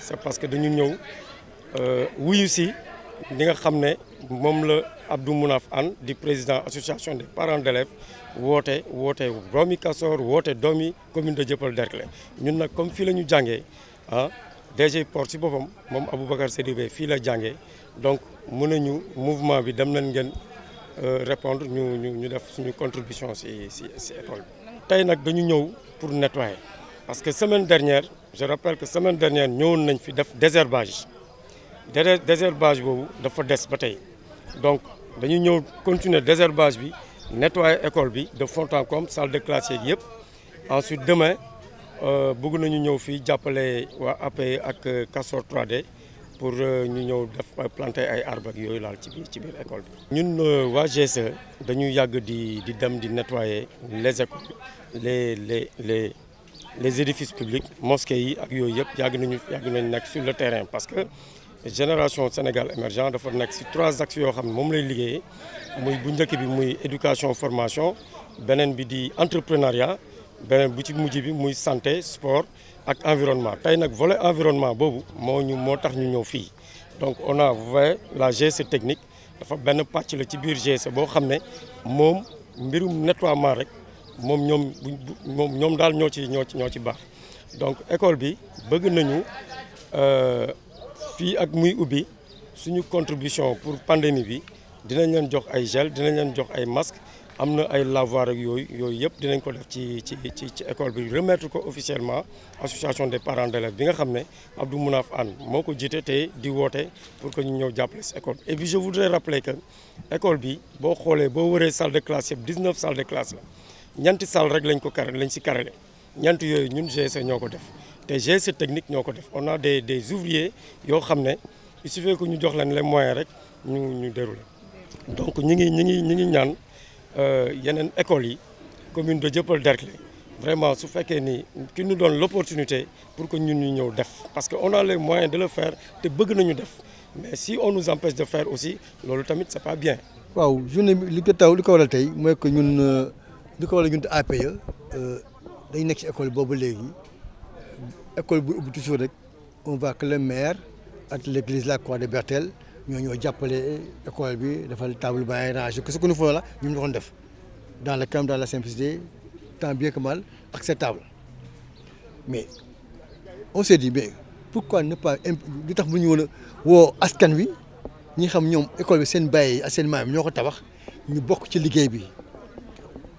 c'est parce que dañu ñëw euh, wuyu si li nga Abdou Mounaf di président association des parents d'élèves woté Romi Domi commune de nous Derklé ñun nak comme fi nous ah DG Port pour la donc mouvement bi dem euh, répondre ñu ñu contribution dañu pour nettoyer parce que semaine dernière je rappelle que la semaine dernière nous avons fait un désherbage désherbage est dafa des ba donc nous continuons continuer désherbage nettoyer l'école de fond en comble salle de classe Et ensuite demain nous allons appeler à appeler waa 3D euh, pour euh, euh, planter ay arbres ak yooyu laal ci biir ci biir école bi. ñun e nettoyer les écoles les les les les édifices publics mosquées yi ak yooyu yëpp yàgg nañu sur le terrain parce que génération Sénégal émergent dafa nekk si trois axes yoo xam ne moom lay liggéeyee muy bu bi muy éducation formation beneen bi di entrepreneuriat beneen bu ci mujj bi muy santé sport ak environnement tey nag volet environnement boobu moo ñu moo tax ñu ñëw fii donc on a vu la GSE technique dafa benn pàcc la ci biir GSE boo xam ne moom mbirum nettoiement rek moom Dal donc école bi bëgg nañu euh, contribution pour pandémie bi dinañ leen jox gel dinañ leen jox ay masque ay lavoir ak école remettre officiellement association des parents d'élèves bi nga pour que et je voudrais rappeler que école bi bo salle de classe 19 salles de classe ñanti salle rek lañ ko karale lañ ci karale ñant yoy ñun GSE ñoo ko def te GSE technique ñoko def on a des des ouvriers yo xamné ne il suffit que ñu jox leen les moyens rek ñu ñu déroulé donc ñi ngi ñi ngi ñi ngi ñaan euh, yi commune de Dieuppeul Derklé vraiment su féké ni ki ñu doon l'opportunité pour que ñun ñu ñëw def parce que on a les moyens de le faire té bëgg nañu def mais si on nous empêche de faire aussi lolu tamit c'est pas bien waaw journée li ko taw li ko waral tay moy que ñun euh, nous avons waral l'école APE euh, on voit que le maire l'église l'église la croix de Bertel, nous avons appelé l'école nous faisons là dans le dans la simplicité tant bien que mal acceptable mais on s'est dit pourquoi ne pas nous tax bu ñu askan école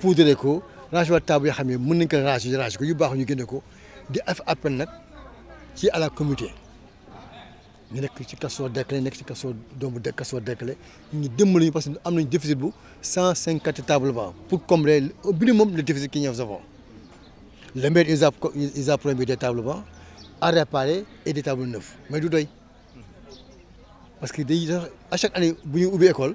poudre ko range wa table yoo xamé mën nañ ko range range ko yu bax ñu génne ko di af appel nak ci à la communauté ñu nekk ci kasso déclé nek ci kasso doomu de kasso déclé ñu dimbali ñu parce que am nañ déficit bu 150 cinquante table banc pour combler au minimum le déficit qui nous avons le maire ils a ils a promis des tables bancs à réparer et des tables neuves mais du doy parce que day à chaque année bu ñu ubbi école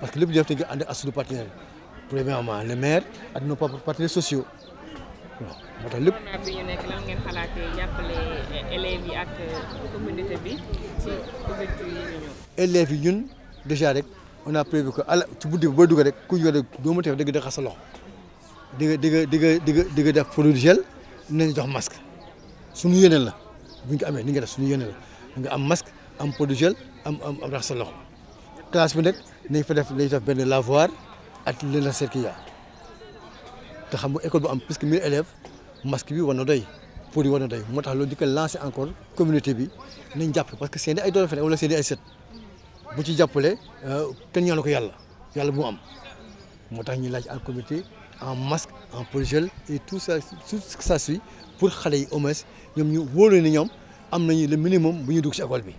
parce que lépp def dañ koy ànd ak suñu partenaire premièrement le maire ak nos partenaires sociaux waaw moo tax lépp. bi ñu nekk lan ngeen xalaatee jàppale élèves yi ak communauté bi ci ouverture yi ñu ñëw. élèves yi ñun déjà rek on a prévu que ala ci buddi bi booy dugg rek ku ñu yore doo ma tef dëgg da xas sa loxo di nga di nga di nga di nga di nga def produit gel nañ jox masque suñu yéene la bu ñu ko amee ni nga def suñu yéene la nga am masque am produit gel am am am rax sa loxo classe bi nag. nañ fa def nañ def benn lavoir ak le laser qu'il y a te xam nga école bu am plus que 1000 élèves masque bi war na doy pour yi war na doy moo tax loolu di ko lancer encore communauté bi nañ jàpp parce que seen ay doole fene wala seen ay set bu ci jàppale euh, kenn ñaanu ko yàlla yàlla bu am moo tax ñuy laaj en comité en masque en polygel et tout ça tout ce que ça suit pour xale yi au moins ñoom ñu wóolu ni ñoom am nañu le minimum bu ñu dugg ci école bi